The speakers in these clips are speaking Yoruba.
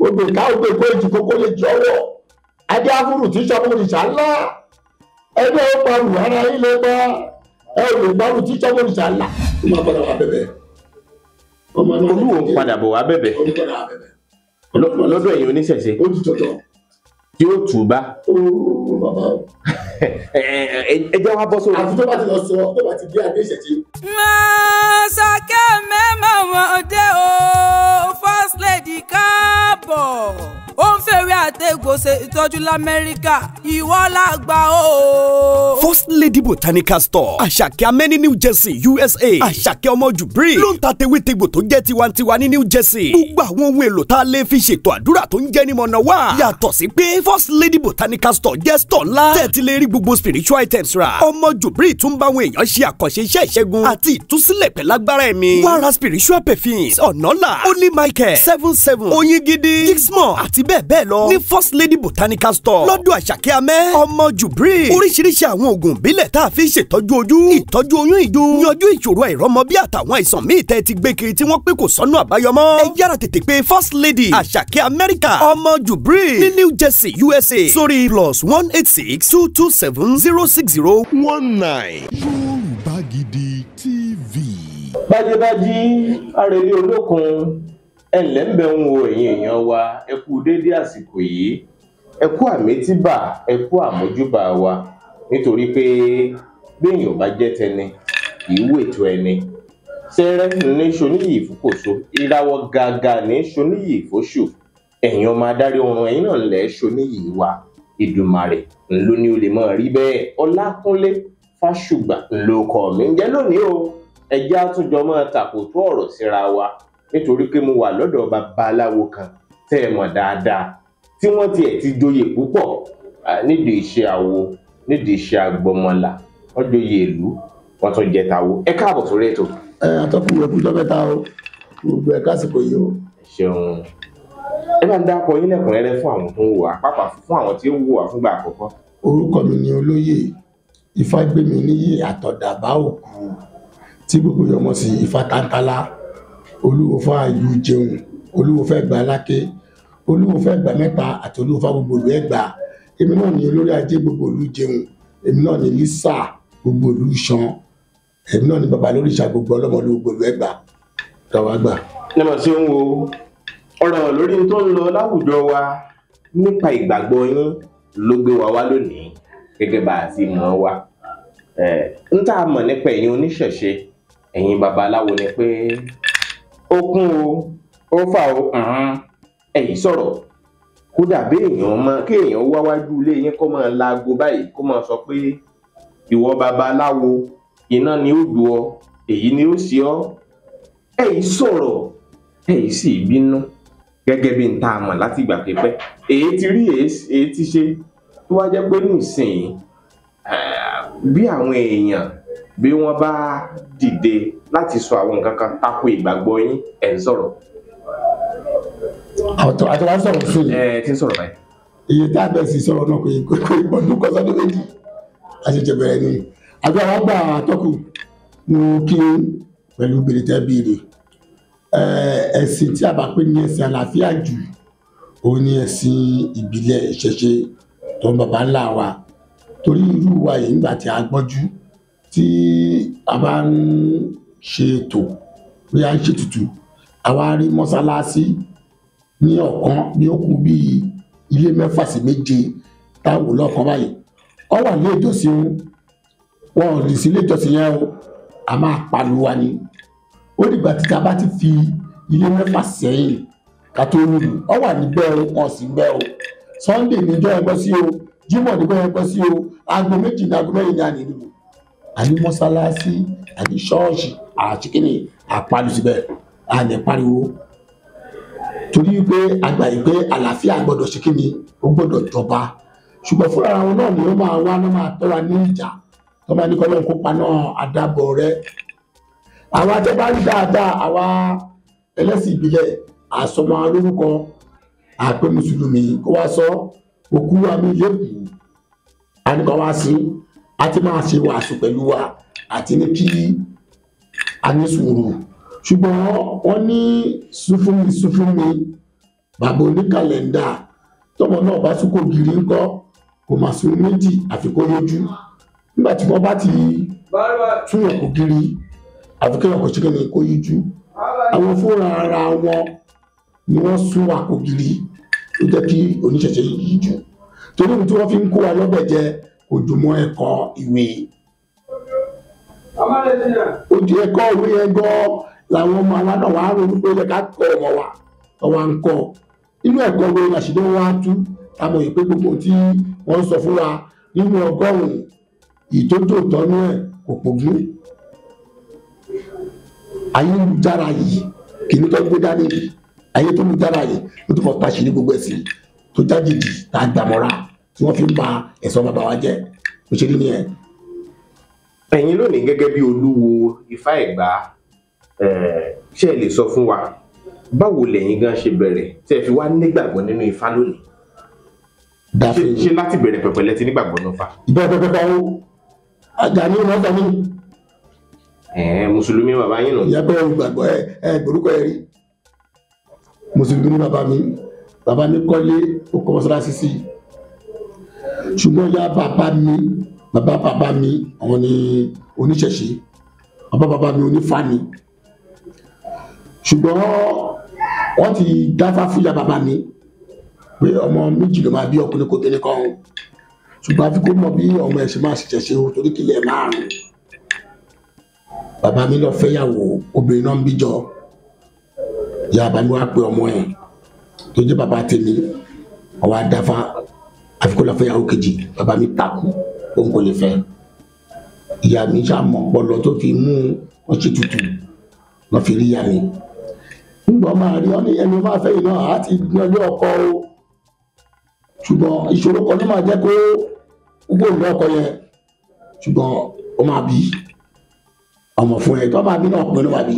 odò ká odò kó èjì kókó lè jọwọ adé afúrù tí sọmọ òrìṣà ńlá ẹgbẹ ó parù ara yín lè bá ẹ ò lè gbárù tí sọmọ òrìṣà ńlá. ó máa padà wá bẹ̀bẹ̀. olúwo ń padà bọ̀ wá bẹ̀bẹ̀ lọ́dọ̀ ẹ̀yin oníṣẹ̀ṣe tí ó tù bá. ó bàbá Eh, eh, eh, ẹ jẹ́ wá bọ́ sórí. àti tó bá ti lọ sọ tó bá ti dé adé ìṣẹ̀tì. máa ṣàkẹ́ mẹ́mọ̀ wọn dé o first lady káàbọ̀ ó ń fèrè àtẹ̀gò ìtọ́jú lamẹ́ríkà ìwọ làgbà o. first lady botanical store àṣàkẹ́ amẹ́ni new jersey usa àṣàkẹ́ ọmọ jubri ló ń ta tewétegbò tó jẹ́ tiwantiwa ní new jersey gbogbo àwọn ohun èlò tá a lè fi ṣètò àdúrà tó ń jẹ́ ní mọ̀nà wá yàtọ̀ sí pé first lady botanical store jẹ́ store ńlá tẹ́tí lè rí gbogbo spiritual items ra ọmọ jubri tún bá àwọn èèyàn ṣe àkànṣe iṣẹ́ ìṣẹ́gun àti ìtúsílẹ̀ pẹ̀lágbára ẹ̀mí wàrà spiritual perfumes ọ̀nọ́là only michael seven seven oyin gidi kixmon bẹ́ẹ̀ bẹ́ẹ̀ lọ ní first lady botanical store lọ́dọ̀ àṣàkẹ́ amẹ́ ọmọ jubril oríṣiríṣi àwọn oògùn ìbílẹ̀ tá a fi ṣètọ́jú ojú ìtọ́jú oyún ìju yanjú ìṣòro àìrọ́mọ bí àtàwọn àìsàn míì tẹ́ ti gbé kiri tí wọ́n pé kò sọ́nù àbáyọmọ́ ẹ yára tètè pé first lady àṣàkẹ́ amẹ́ríkà ọmọ jubril ní new jersey usa sórí plus one eight six two two seven zero six zero one nine. yorùbá gidi tv. bájẹ́bájí arẹ̀lẹ̀ olókun ẹnlẹ́ ń bẹ̀ ń wo ẹ̀yin èèyàn wa ẹ kú déédé àsìkò yìí ẹ kú àmétíbà ẹ kú àmójúbà wa nítorí pé béèyàn bá jẹ́ tẹni kì í wètò ẹni tẹ́rẹ́ ní ṣoníyì ìfòkòso ìràwọ̀ gàgà ní ṣoníyì ìfòṣù ẹ̀yin ọmọ adarí ọrùn ẹ̀yin náà lẹ̀ ṣoníyì wa ìdùmàrè ńlọ ni o lè mọ̀ rí bẹ́ẹ̀ ọlákúnlé fásùgbà ńlọkọ̀ mi ń lónìí o ẹ̀já àtúnjọ mọ́ tàkòtò ọ̀rọ̀ síra wa nítorí pé mo wà lọ́dọ̀ babaláwo kan tẹ́ ẹ mọ̀ dáadáa tí wọ́n tiẹ̀ ti joyè púpọ̀ nídìí iṣẹ́ awo nídìí iṣẹ́ agbọmọlà wọ́n joyè ìlú wọ́n tún jẹ tàwo ẹ káàbọ̀ sórí ètò. ẹ àtọkù rẹ kú jọmẹta o gbogbo ẹ kásìkò yìí o. ṣeun ẹ bá ń dákọ yín lẹ́kùnrẹ́rẹ́ fún àwọn tó ń wò wá pàápàá fún àwọn tí ń wò wá fúngbà àkọ́kọ́. orúkọ mi ni olóyè Ifágbémi níyì àtọ̀dàbá òkú tí gbogbo yọmọ sí Ifá Tántálá olúwo fún àyù jẹun olúwo fẹ́ gba aláké olúwo fẹ́ gba mẹ́ta àti olúwo fún gbogbo ìlú ẹ̀gbá èmi náà ni olórí ajé gbogbo ìlú jẹun èmi náà ni lísà gbogbo ìlú ṣan èmi náà ni bàbá lórí ìṣà gbogbo ọlọ́mọdé gbogbo ìlú ẹ̀gbá lọ́wọ́ àgbà. nígbà tí ó ń wo ọ̀rọ̀ lórí tó ń lọ láwùjọ wa nípa ìgbàgbọ́ yín ló gbé wa wá lónìí gẹ́gẹ́ bá a ti mọ̀ wá ń tá a mọ̀ nípa ẹ̀yin oníṣẹ̀ṣe ẹ̀yin babaláwo ni pé ó kún o ó fà o ẹ̀yìn sọ̀rọ̀ kódà béèyàn mọ kéèyàn wá wájú ilé yín kó máa laago báyìí kó máa sọ pé ìwọ babaláwo iná ni ó dù ọ èyí ni ó sì ọ ẹ̀yìn sọ̀rọ̀ ẹ̀yìn sì bínú gẹ́gẹ́ bí n ta mọ̀ láti ìgbà pípẹ́ èyí ti rí èyí ti ṣe tó wá jẹ́ pé nísìnyí bí àwọn èèyàn bí wọ́n bá dìde láti sọ àwọn nǹkan kan tako ìgbàgbọ́ yín ẹ̀ ń sọ̀rọ̀. àtọ̀ àti wàá sọ̀rọ̀ sí i. ẹ ti ń sọ̀rọ̀ báyìí. iye tá a bẹ̀ sí sọ̀rọ̀ náà kò yẹ kó ìbọ̀dún kọ́sọ́ ní méjì àṣejẹ bẹ̀rẹ̀ ni àbí àwọn gbà àtọ́kù mú kí pẹ̀lú bèrè tẹ́ bèrè ẹ̀sìn tí a bá pè ní ẹ̀sìn àlàáfíà jù òun ni ẹ̀sìn ìbílẹ̀ ìṣẹ̀ṣe tó ń bàbá ńlá wa torí irú wa yìí nígbà tí a gbọ́jú tí a bá ń ṣe ètò bí a ń ṣètùtù àwa rí mọ́sálásí ní ọ̀kan ní ó kù bí ilé mẹ́fà sí méje táwọn lọ́ọ̀kan báyìí ọ wà ní ìjọsìn wọn ò lè sí ilé ìjọsìn yẹn o a máa pariwa ni ó dìgbà tí A bá ti fi ilé mẹ́fà sẹ́yìn ká tó nílùú ọ wà níbẹ̀ o wọn sì bẹ́ o Sunday níjọ́ ẹgbẹ́ sí o Jímọ̀ níjọ́ ẹgbẹ́ sí o aago méjì ní aago mẹ́rin ní àná nílùú àní mọ́sálásí àní ṣọ́ọ̀ṣì àṣìkìní àpalù síbẹ̀ àní pariwo torí pé àgbà yìí pé àlàáfíà gbọ́dọ̀ ṣìkìní ó gbọ́dọ̀ jọba ṣùgbọ́n fúnra wọn náà ni ó máa wá náà máa tọ́ra ní ìjà tó máa ní kọ́lọ́ kópa náà àdàbọ̀ rẹ àwa tẹ́ bá rí dáadáa àwa ẹlẹ́sìn ìbílẹ̀ àsọmọ alórúkọ àpé mùsùlùmí kó wá sọ òkú wa mi yóò kú a ní kọ́ wá sí a ti máa ṣe wàásù pẹ̀lú wa àti ní kí a ní sùúrù ṣùgbọ́n wọ́n ní sùfúnmi sùfúnmi bàbá oní kàlẹ́ndà tọmọ náà bá sún kò gírí ńkọ́ kò mà sún méjì àfi kó yọjú nígbà tí wọ́n bá ti túyàn kò gírí àfi kéèyàn kò ṣẹ́kẹ́ kó yíjú àwọn fúnra ara wọn ni wọ́n sún wa kò gírí ó jẹ́ kí oníṣẹ̀ṣẹ̀ yíjú torí ohun tí wọ́n fi ń kó wa lọ́bẹ̀ jẹ kò jù ẹ̀kọ́ ìwé otu eke ọrụ ya ego làwọn ọmọ wa náà wàá ronú pé lẹ́ka kọ ọmọ wa ọwọ́ ń kọ inú ẹ̀kọ́ wo làṣìdé wa tú ìpé gbogbo tí wọ́n sọ fún wa nínú ọgọ́rùn ìtótó tọ́nú ẹ̀ kò pògì ayélujára yìí kì ní tọ́jú dá níbi ayé tó lùjára yìí ló tó fọ́ ní gbogbo tó jáde tá a gbàmọ́ra tí ẹ̀yin lónìí gẹ́gẹ́ bí olúwo ifá ẹ̀gbá ṣe lè sọ fún wa báwo lẹ̀yin gan ṣe bẹ̀rẹ̀ tí ẹ fi wá nígbàgbọ́ nínú ifá lónìí ṣe láti bẹ̀rẹ̀ pẹ̀pẹ̀ lẹ́tí nígbàgbọ́ náà fa. bẹ́ẹ̀ bẹ́ẹ̀ bẹ́ẹ̀ o Àjàní ọmọ ọ̀sán mi. mùsùlùmí bàbá yín nù. ìyá bẹ́ẹ̀ gbàgbọ́ ẹ ẹ gbòrúkọ ẹ rí mùsùlùmí bàbá mi bàbá mi kọ́lé okòmọ́sára sísì ṣùgbọ́n ya bàbá mi Baba bàbá mi àwọn ni oníṣẹ̀ṣe bàbá bàbá mi onífá ni ṣùgbọ́n wọ́n ti dáfá fúyà bàbá mi pé ọmọ méjì ló máa bí ọkùnrin kò tẹ́lẹ̀ kan ṣùgbọ́n àfi kó mọ̀ bí ọmọ ẹ̀sìn máa ṣiṣẹ́ ṣe o torí kílẹ̀ márùn bàbá mi lọ fẹ́yàwó obìnrin náà ń bíjọ ìyá bàbá mi wá pé ọmọ ẹ̀ tó jẹ́ bàbá tèmi ọwọ́ adáfá àfi lọ fẹ́yàwó kejì bàbá mi takú òun kò lè fẹ́ ìyá mi ṣá mọ̀ ọpọlọ tó fi mú ọtí tútù lọ fi rí ìyá mi nígbà máa rí ọ ní ẹni máa fẹ́ iná àti ìgbìyànjú ọkọ o ṣùgbọ́n ìṣòro kan ló máa jẹ́ kó gbogbo ìlú ọkọ yẹn ṣùgbọ́n ó máa bí ọmọ fún ẹ tó máa bí náà pín ló máa bí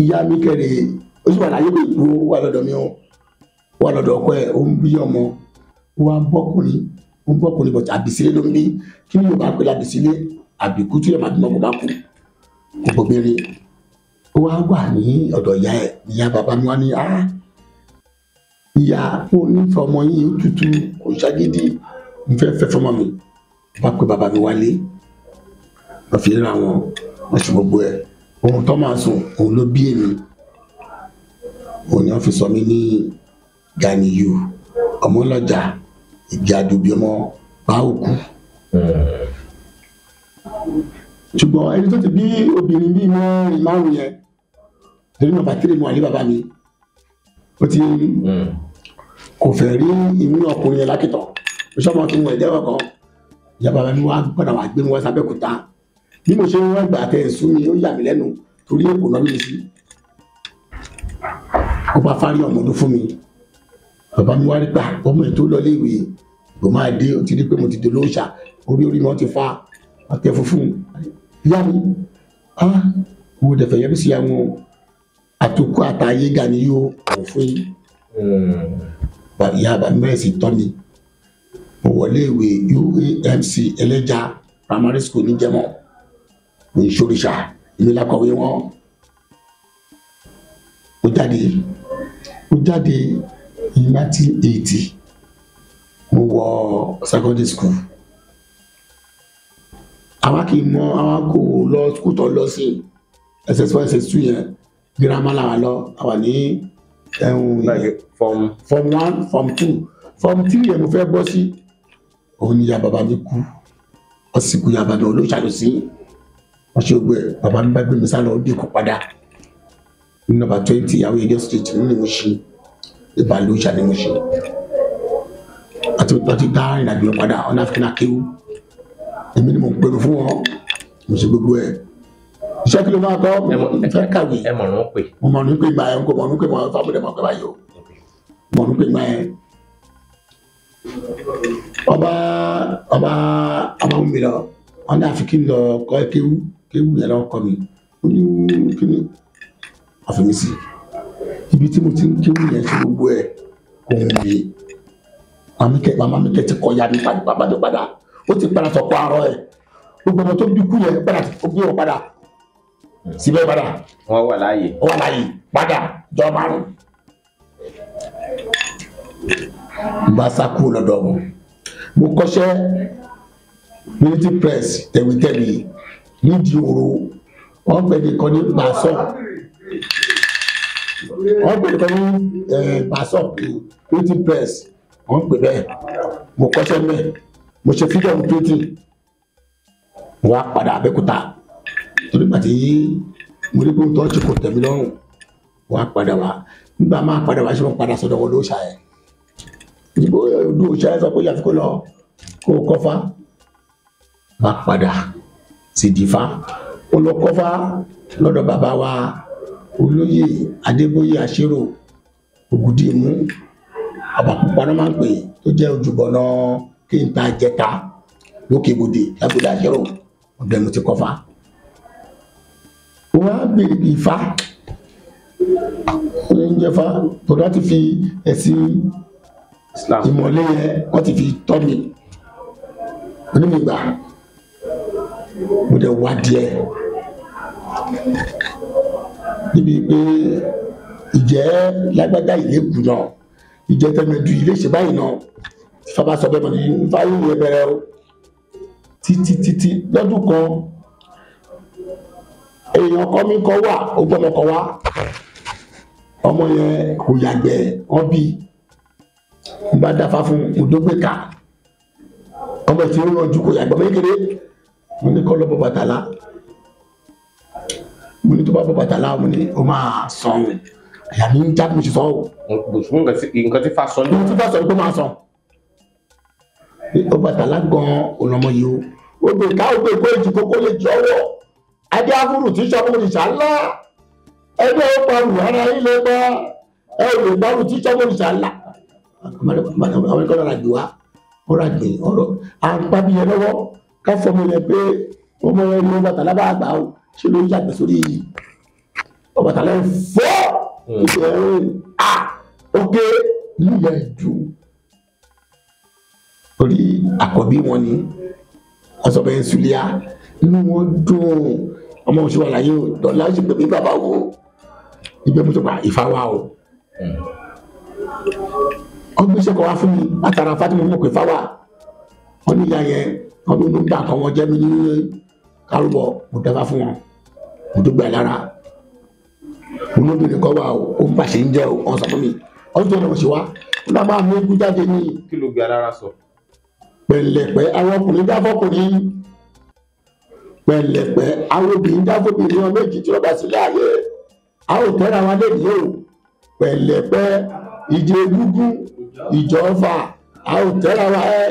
ìyá mi kẹrè ó sì wà láyé pé ìgbó wà lọ́dọ̀ mi ó wà lọ́dọ̀ ọkọ ẹ̀ ó ń bí ọmọ wà ń bọ́kùnrin púpọ̀ kò lè bọ̀ àbísílẹ̀ ló ń bí kí ni yorùbá pé lábísílẹ̀ àbíkú tí yóò máa dùn ọkọ̀ máa kú kò béèrè ó wá wà ní ọ̀dọ̀ ìyá ẹ̀ ìyá bàbá mi wá ní á ìyá ó ní fọmọ yìí ó tutù kò ṣàgídí ń fẹ́ fẹ́ fọmọ mi wá pé bàbá mi wálé wọ́n fi ríra wọn wọ́n ṣe gbogbo ẹ̀ ohun tó máa sùn òun ló bí èmi òun ni wọ́n fi sọ mí ní Ganiyu ọmọlọ́jà ìgbé àjòbí ọmọ bá òkú ṣùgbọ́n ẹni tó ti bí obìnrin bíi mẹ́rin márùn yẹn torí nọ́mbà tírì mu àní bàbá mi ó ti kò fẹ́ rí ìmú ọkùnrin yẹn lákìtọ̀ ìṣọ́mọ kí n wọ̀ ẹ̀jẹ̀ kọ̀ọ̀kan ìjọba mi wá gbọ́dọ̀ wá gbé mi wá sábẹ́kúta bí mo ṣe ń wá ìgbà tẹ̀ ẹ̀sùn mi ó yà mí lẹ́nu torí èkó náà mi sí ọba fárí ọmọdún fún mi bàbá mi wá rí gbà ah, ọmọ ẹ̀ tó lọ léèwé ó máa dé ó ti rí pé mo ti dè lóòṣà orí orí mi wọ́n ti fa àtẹ funfun ìyá mi ah wo dẹ̀fẹ̀ yẹn bí sí àwọn àtòkù àtàyé gà ni yóò kọ̀ fún yín hmm. ìyá bàbá mi bẹ̀rẹ̀ sí tọ́ mi mo wọlé ìwé UAMC ẹlẹ́jà primary school níjẹ̀mọ́ ìṣòrìṣà ìmìlàkọ̀wé wọn ó jáde ó jáde in 1980, eighty mo wọ secondary school àwa kì í mọ àwa kò lọ skul tó lọ sí ss one ss two yẹn girama làwa lọ àwa ní ẹ̀hún form form one form two form three yẹn mo fẹ́ bọ́ sí òun ni ya bàbá mi kú ọsìnkú ya bàbá olóṣàlù sí wọ́n ṣe gbé bàbá mi bá gbé mi sálọ ó dìkú padà nọ́mbà twenty ìyàwó yẹn ní ọ̀sẹ̀ tuntun nínú ìwé ṣe ìbàlẹ̀ òòṣà ni mo ṣe àti àti dá ìrìnàjò padà ọ̀nà àfikún akéwù èmi ni mo ń pèrò fún wọn mo ṣe gbogbo ẹ̀ iṣẹ́ kí ló máa kọ́ mo fẹ́ kàwé mo mọ̀ ní pé ìgbà yẹn kò mọ̀ ní pé mo fà bọ̀dẹ̀ mọ̀ pé báyìí o mo mọ̀ ní pé ìgbà yẹn ọba ọba ọba mú mi lọ ọ̀nà àfikún lọ kọ́ kéwù kéwù yẹn lọ kọ́ mi ó ní kíni àfẹ́mísì ibi tí mo ti ń kéwì yẹn ṣe gbogbo ẹ̀ ẹ̀mí mamikẹ mamikẹ ti kọ́ ya ní padàpadà ó ti padà sọ kọ́ arọ ẹ̀ gbogbo ọmọ tó dúkú yẹn padà ó gbé wọn padà síbẹ̀ padà. wọ́n wà láàyè. wọ́n wà láàyè padà jọ márùn. gbàsá kú lọ́dọ̀ wọn mo kọ́ṣẹ́ military press tẹ̀wétẹ̀wé nídìí òru wọ́n pẹ̀lú ìkànnì màá wọ́n pè kẹ́ ní pasop printing press wọ́n pè bẹ́ẹ̀ mo kọ́ṣẹ́ bẹ́ẹ̀ mo ṣe freedom printing wọ́n á padà Abẹ́òkúta torí pàtí mo rí pé n tọ́ ṣe kò tẹ̀mí lọ́rùn wọ́n á padà wá nígbà máa padà wá ṣe wọ́n padà sọ́dọ̀ wọn lóṣà ẹ̀ ìdìbò ìlú òṣà ẹ̀ sọ pé yàtúkọ̀ lọ kó o kọ́fà wọ́n á padà sí ìdìfà ó lọ kọ́fà lọ́dọ̀ bàbá wa olóyè adébóyè àṣírò ògùdìmú àbàpùpá náà máa ń pè tó jẹ́ ojúbọ̀nà kí n ta jẹta lókè bòde lágbèdè àṣírò ọ̀dọ̀ ẹnu ti kọfà wọ́n á bèrè bí ifá oúnjẹ fa tó láti fi ẹ̀sìn ìmọ̀lẹ́ yẹn wọ́n ti fi tọ́ mi onímọ̀ ìgbà mo dẹ̀ wá díẹ̀ débi pé ìjẹ́ lágbájá ìlé kù náà ìjẹ́ tẹ́mẹ̀dù ilé ṣe báyìí náà ìfà bá sọ bẹ́ẹ̀ mọ̀ ní ìfà yóò yẹ bẹ̀rẹ̀ o títí títí lọ́dún kan èèyàn kan mi kan wà ó gbọ́mọ kan wá ọmọ yẹn kò yàgbẹ́ wọ́n bí n bá dáfa fún òdógbèka ọmọ tí ó rọjú kò yàgbẹ́ mọ́ kékeré mo ní kọ́ lọ́bọ̀ bàtàlá mo ní tó bá bọ́ bàtà láwọn mo ní o máa sàn àyà mi ń já mo sì sọ o. nǹkan tí fa sọ ní. nǹkan tí fa sọ ní kó máa sàn. ó bàtà lágan ọlọmọ yìí o ó gbé ká ó gbé kó èjì kókó lè jọ̀wọ́ adé afúrú tí sọ mo ní sàlá ẹgbẹ́ ó parù ara yín lè gbọ́ ẹ ò lè gbárù tí sọ mo ní sàlá. àwọn ìkọ́ni ọ̀rọ̀ àjò wa ọ̀rọ̀ àjò ọ̀rọ̀ à ń pa bí yẹn lọ́wọ́ ká fọmọ yẹn pé ọmọ ẹni Ọbàtálá bá gbà ó ṣe ló yàgbẹ́ sórí Ọbàtálá ń fọ́ ìṣẹ̀ hmm. ẹ̀rín à oge níyà ìdú torí àkọ́bí wọn ni wọ́n sọ bẹ́ẹ̀ Sulia inú wọn dùn ọmọ oṣù wà láyé o dọ̀là ṣe pé bí bàbá wo ibẹ̀ mo tó pa ìfá o ọgbẹ́ ṣe kọ́ wá fún mi látara Fatima mọ̀ pé fáwa wọn níyà yẹn ọdún ló ń dà kọ́ wọn jẹ́ mi ní kárùbọ̀ kò tẹ́fà fún wọn kò tó gbà lára olóbìnrin kọ́ wa o ó ń pàṣẹ ń jẹ́ o ọ̀n sọ fún mi ọdún tó lọ́wọ́ sí wa ó dá máa mú ogún jáde ní. kí ló gbà lára sọ. pẹ̀lẹ́pẹ̀ àwọn ọkùnrin dá fọkùnrin pẹ̀lẹ́pẹ̀ àwọn obìnrin dá fọkùnrin wọn méjì tí wọ́n bá sí láàyè a ò tẹ́ra wọn lé yìí o pẹ̀lẹ́pẹ̀ ìjẹ egúngún ìjọba a ò tẹ́ra wọn ẹ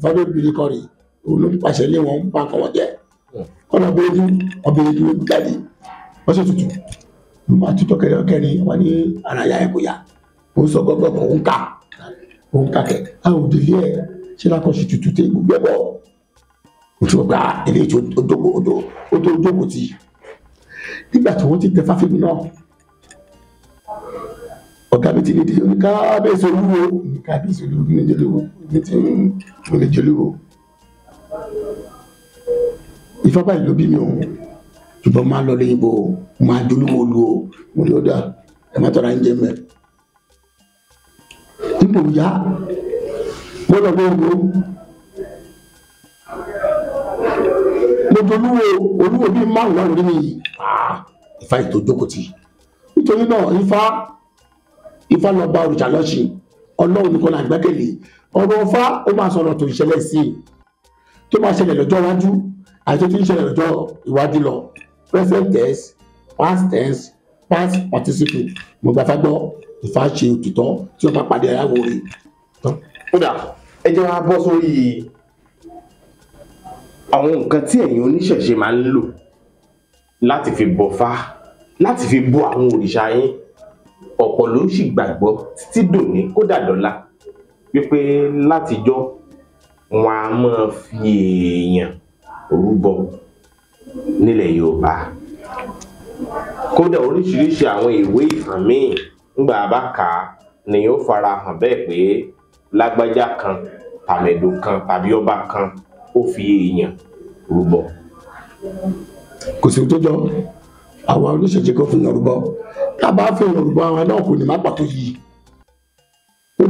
fọdún obìnrin kọrin olùpàṣẹ lé ń pa kọ́wọ́ jẹ́ ọ̀nà bẹ́ẹ̀dì ọbẹ̀ èdè jáde wọ́n sì tutù mo máa tutọ́ kẹrin kẹrin wọn ní ara ya ẹ̀ kò yá ó sọ gbọ́gbọ́ kan òun kà òun kà kẹ a ò délé ẹ̀ ṣé lákọ̀ sí tutù tẹ gbogbo ẹ̀ bọ̀ òtún ọgbà ah, ilé tí ó dógò ó tó dógò tì nígbà tí wọ́n ti tẹ fáfíìmù náà ọ̀gá mi ti lè di oníkàbẹ̀sẹ̀ olúwo oníkàbẹ̀sẹ̀ olúwo ní jẹ́lúwo ní ti ń jẹ́lúwo ìfọ́pá ìlú bí mi o ṣùgbọ́n máa lọ lóyìnbó o máa dúró mo lu o mo ní ó dà ẹ má tọ́ra ń jẹ mẹ́. ipò ìyá mo lọ gbogbo mo o olúwo bíi márùn lọ́rùn nínú yìí ah, Ifá ètò ìjókòtì nítorí náà Ifá Ifá lọ bá òrìṣà lọ́sìn ọlọ́run nìkan là ń gbẹ́kẹ̀lé ọ̀rọ̀ Ifá ó máa sọ̀rọ̀ tó ìṣẹ̀lẹ̀ sí i tó máa ṣẹlẹ̀ lọ́jọ́ iwájú àti tí ń ṣẹlẹ̀ ọjọ́ ìwádìí lọ present tense past tense past participle mo gbà fagbọ́ ìfàṣe òtítọ́ tí wọ́n bá pàdé aráwọ̀ rẹ̀ tán. kódà ẹ jẹ́ wá bọ́ sórí àwọn nǹkan tí ẹ̀yin oníṣẹ̀ṣe máa ń lò láti fi bọ̀fá láti fi bọ àwọn òrìṣà yín ọ̀pọ̀ ló sì gbàgbọ́ títí dòní kódà dọ́là wípé látijọ́ wọn a máa fi èèyàn orúbọ nílẹ̀ yorùbá kódà oríṣiríṣi àwọn ìwé ìtàn míì ńgbà bá kà á ni fara hàn bẹ́ẹ̀ pé kan tàmẹ̀dò kan tàbí ọba kan ó fi èèyàn rúbọ. kò sí tó jọ àwọn kan fi yàn rúbọ fi yàn àwọn náà kò ní má pàtó yìí ó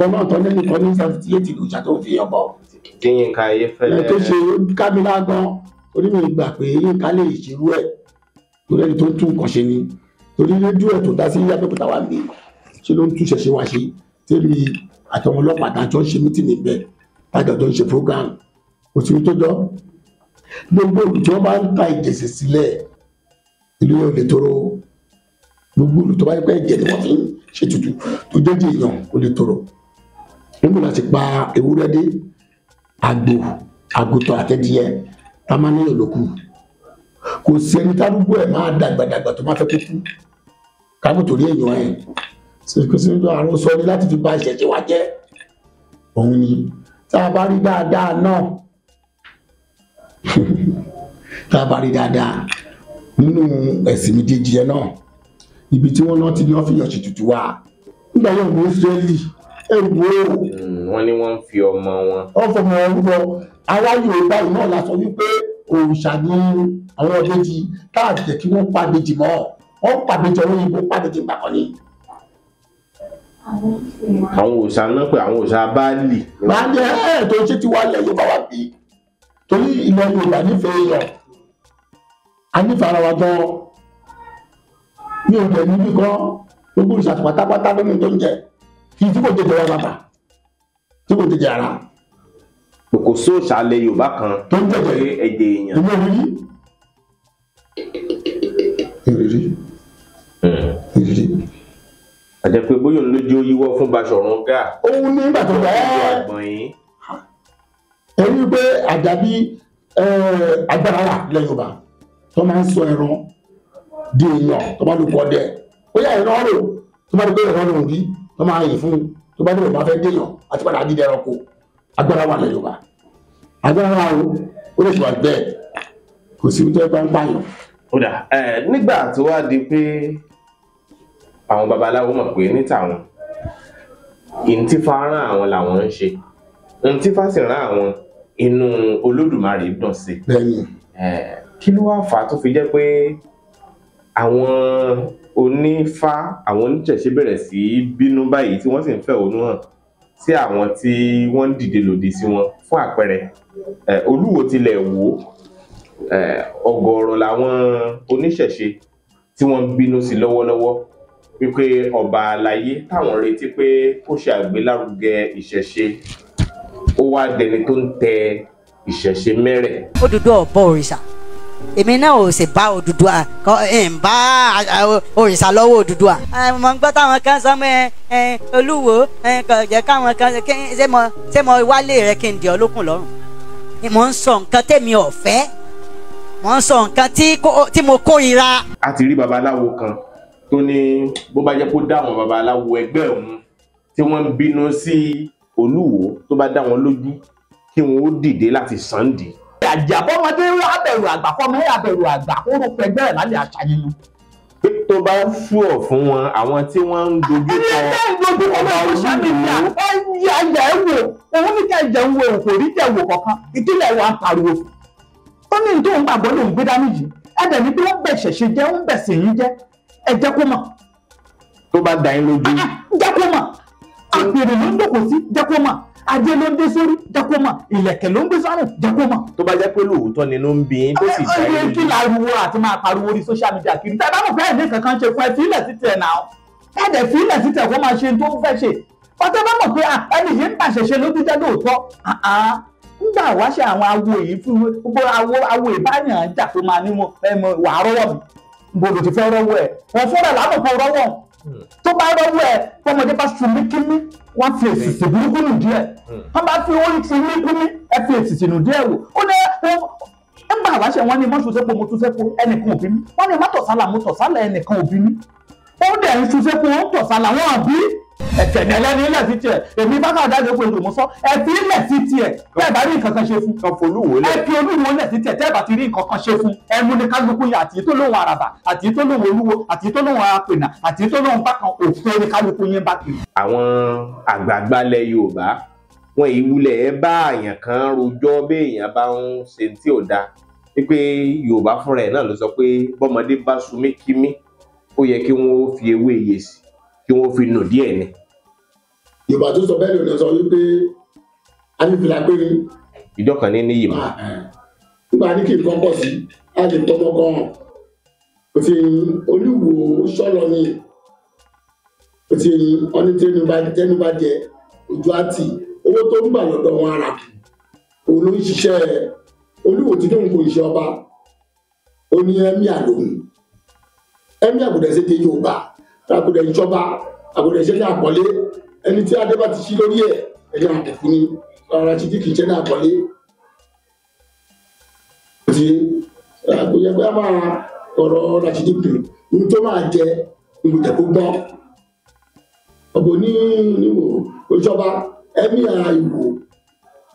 kan náà tán lẹ́yìn kan ní tí Yínká Ayéfẹ́lẹ́. ẹ tó ṣe kábílá gan orí mi gbà pé Yínká lè ṣerú ẹ torí ẹni tó ń tún nǹkan ṣe ni torí rédíò ẹ tó dá sí abẹ́kúta wa ní ṣe ló ń tún ṣẹ̀ṣẹ̀ wá ṣe tẹ́lẹ̀ àtọwọn ọlọ́pàá dájọ́ ṣe mítìnì bẹ́ẹ̀ tájà tó ń ṣe program òṣèré tó jọ gbogbo olùtí bá ń ta ìjẹsẹ̀ sílẹ̀ ìlú yóò lè tóró gbogbo olùtí bá pẹ ìjẹ ni wọn fi ń ṣètùtù tó jẹjẹ èèyàn kó tóró nígbà láti pa ewúrẹ́ dé àgbò àgùntàn àtẹdìyẹ tá máa nílò lókù kò sí ẹni tárúgbó ẹ máa dàgbàdàgbà tó máa fẹ́ kó kú káàbù torí èèyàn ẹ ṣèkóṣèlú àrùn sọ ni láti fi ba ìṣẹ̀ṣẹ̀ wa jẹ́ òun ni tá a bá rí dáadáa náà tá a bá rí dáadáa nínú ẹ̀sìn méjèèjì ẹ náà ibi tí wọ́n rántí ni wọ́n fi yàn ṣètùtù wa nígbà yóò mú Ísírẹ́lì ẹ̀rù wo wọ́n ní wọ́n ń fi ọmọ wọn. wọ́n fọmọ wọn lọ àwa Yorùbá yìí náà la sọ wípé òrìṣà ni àwọn ọ̀dẹ́jì táàbì jẹ́ kí wọ́n pàdéjì mọ́ wọ́n pàdéjì ọ̀rọ̀ yìí wọ́n pàdéjì gbàkan ni àwọn òòṣà náà pé àwọn òòṣà báàlì. báàlì ẹ tó ṣe ti wálé Yorùbá wa bí torí ilẹ̀ Yorùbá nífẹ̀ẹ́ èèyàn a nífẹ̀ẹ́ ara wa gan ní òde kan gbogbo òòṣà pátápátá lónìí tó ń jẹ kì í tí kò jẹjẹrẹ bàbà tí kò ti jẹ ara. kò sóòṣà lẹ yorùbá kan tó ń jẹjẹ ẹ̀jẹ̀ èèyàn. ìwé rírí ìrírí hmm. ìrírí. àjẹ pé bóyá òun ló jẹ́ oyíwọ́ fún Baṣọ̀run Gáà. òun ní ìgbà tó bá ẹ́ ẹ̀rí pé àdàbí agbára wà nílẹ̀ yorùbá tó máa ń sọ ẹran di èèyàn tó bá lù pọ̀ dẹ̀ ó ẹran rò tó bá lù pé ẹran rò rí tó máa yìn fún un tó bá dẹ̀rọ̀ bá fẹ́ dèèyàn àti padà dídẹ ẹranko agbára wà lẹ́yìn ọba agbára wà o ó lè ṣùgbọ́n bẹ́ẹ̀ kò sí tó ẹgbẹ́ ń pààyàn. ó dà ẹ nígbà tó wá di pé àwọn babaláwo mọ̀ pé ní tàwọn ìǹtífà rán àwọn làwọn ń ṣe ìǹtífà sì rán àwọn inú olódùmarè dùn sí kí ló wá fà á tó fi jẹ́ pé àwọn onífá àwọn oníṣẹ̀ṣe bẹ̀rẹ̀ sí í bínú báyìí tí wọ́n sì ń fẹ̀hónú hàn sí àwọn tí wọ́n ń dìde lòdì sí wọn fún àpẹẹrẹ olúwo tilẹ̀ wò ó ọ̀gọ̀ọ̀rọ̀ làwọn oníṣẹ̀ṣe tí wọ́n ń bínú sí lọ́wọ́lọ́wọ́ wípé ọba àlàyé táwọn retí pé kó ṣe àgbélárugẹ ìṣẹ̀ṣe ó wá dẹni tó ń tẹ ìṣẹ̀ṣe mẹ́rẹ̀. ó dúdú ọ̀bọ òrìṣà èmi náà ò sì bá Odùduwà n bá òrìṣà lọ́wọ́ Odùduwà. mo ń gbọ́ táwọn kan sọ mọ́ ẹ olúwo kò jẹ́ káwọn kan ṣé mo ṣé mo wálé rẹ kí n dì ọ́ lókun lọ́rùn. mo ń sọ nǹkan tèmi ọ̀fẹ́ mo ń sọ nǹkan tí mo kórìíra. a ti rí babaláwo kan tó ní bó bá jẹ́ kó dá àwọn babaláwo ẹgbẹ́ òun tí wọ́n ń bínú sí olúwo tó bá dá wọn lójú kí wọ́n ó dìde láti sàn dìí àjàbọ́mọdé abẹ̀rù àgbà fọmọ ẹ̀ abẹ̀rù àgbà kóró pẹgbẹ́ ẹ̀ lálẹ́ àṣàyàn nu. tó bá fú ọ̀ fún wọn àwọn tí wọ́n ń dojú kọ ọba olúwo. ẹ̀jẹ̀ ẹ̀ wò òun ní ká ẹ̀jẹ̀ ń wo òkò rí jẹ̀ wò kankan ìdílé wa ń pariwo. ó ní nítorí gbàgbọ́ lòún gbé dání yìí ẹ̀dẹ̀ ní bí wọ́n bẹ̀ṣẹ̀ ṣe jẹ́ ń bẹ̀ṣẹ̀ yín jẹ́ ẹ̀jẹ̀ kó mọ̀. tó bá da yín lójú. jẹ́ kó mọ̀ àpèrè ló ń dòkó sí jẹ́ kó mọ̀ ajé ló dé sórí jakoma ìlẹ̀kẹ̀ ló ń gbé sọ́rùn jakoma. tó bá jẹ́ pé lóòótọ́ ni ló ń bí i tó sì jẹ́ ìlú. ọ̀rẹ́ kí lariwo àti máa pariwo orí social media kiri tẹ́ bá mọ̀ fẹ́ẹ̀ ní kankan ṣe fún ẹ fílẹ̀ títẹ̀ náà ẹ̀dẹ̀ fílẹ̀ títẹ̀ kó máa ṣe tó fẹ́ ṣe ọtẹ́ bá mọ̀ pé ẹni yìí ń pàṣẹṣe ló dúdẹ́ lóòótọ́ nígbà wá ṣe àwọn awo èyí fún gbogbo awo awo ìbáyàn jà tó máa ní wọn wàá rọ́wọ́ mi gbogbo ti fẹ́ rọ́wọ́ ẹ̀ wọ́n fúnra lábọ̀ fún rọ́wọ́ tó bá rọwọ́ ẹ̀ fọmọdé bá sùn mí kí mí wọ́n fi èsìsì burúkú nù díẹ̀ wọ́n hmm. bá fi owó ti mí kú mí ẹ fi èsìsì nù díẹ̀ wò ó ní nígbà àbáṣe wọn ni mọ́ṣú sẹ́kù mọ́tò sẹ́kù ẹnìkan òbí mi wọ́n ní mọ́tò sálà mọ́tò sálà ẹnìkan òbí mi ó dẹ̀ ń ṣu sẹ́kù ó ń tọ̀ sálà wọn àbí ẹ̀fẹ̀ ní ẹlẹ́ni ilẹ̀ sí tiẹ̀ èmi bá máa dájọ́ fún ìgbìmọ̀ sọ ẹ̀fí ilẹ̀ sí tiẹ̀ tẹ́ẹ̀ bá rí nǹkan kan ṣe fún. kan folúwo lẹ. ẹ̀fí olúwo lẹ̀ sí tiẹ̀ tẹ́ẹ̀ bá ti rí nǹkan kan ṣe fún. ẹnu ni kálukú yẹn àti tó lóun àràbà àti tó lóun olúwo àti tó lóun apènà àti tó lóun bákan òfin ni kálukú yẹn bá kiri. àwọn àgbààgbà lẹ Yorùbá wọn ìwúlẹ̀ ẹ bá àyàn kan rojọ́ béèyàn bá ń ṣe tí kí wọ́n fi nù díẹ̀ ni. yorùbá tó sọ bẹ́ẹ̀ lónìí sọ wípé a ní fìlà péré. ìjọ kan ní níyì mọ́. Ah, eh. nígbà ní kí n kọ́kọ́ sí a lè tọ́mọ kan hàn òfin olúwo sọ̀rọ̀ ni òfin ọ̀ní tẹnubá jẹ ojú àti owó tó ń bà lọ́dọ̀ wọn ara òun ló ń ṣiṣẹ́ olúwo tí lóun kò ṣe ọba ó ní ẹ̀mí àlòun ẹ̀mí àgùdẹ̀sẹ̀ dé yorùbá àgùdẹ̀ ìjọba àgùdẹ̀ ìṣẹ́ ní àpọ́lé ẹni tí adé bá ti ṣí lórí ẹ̀ ẹ̀yà àdẹ̀kùn ni rárá ti kí kì í ṣe ní àpọ́lé. ti àgbéyẹ pé a máa ọ̀rọ̀ Rashidi ní tó máa jẹ ìmùtẹ̀ gbọ́. ọ̀bọ̀ ní níwò ìjọba ẹ̀mí à ìwò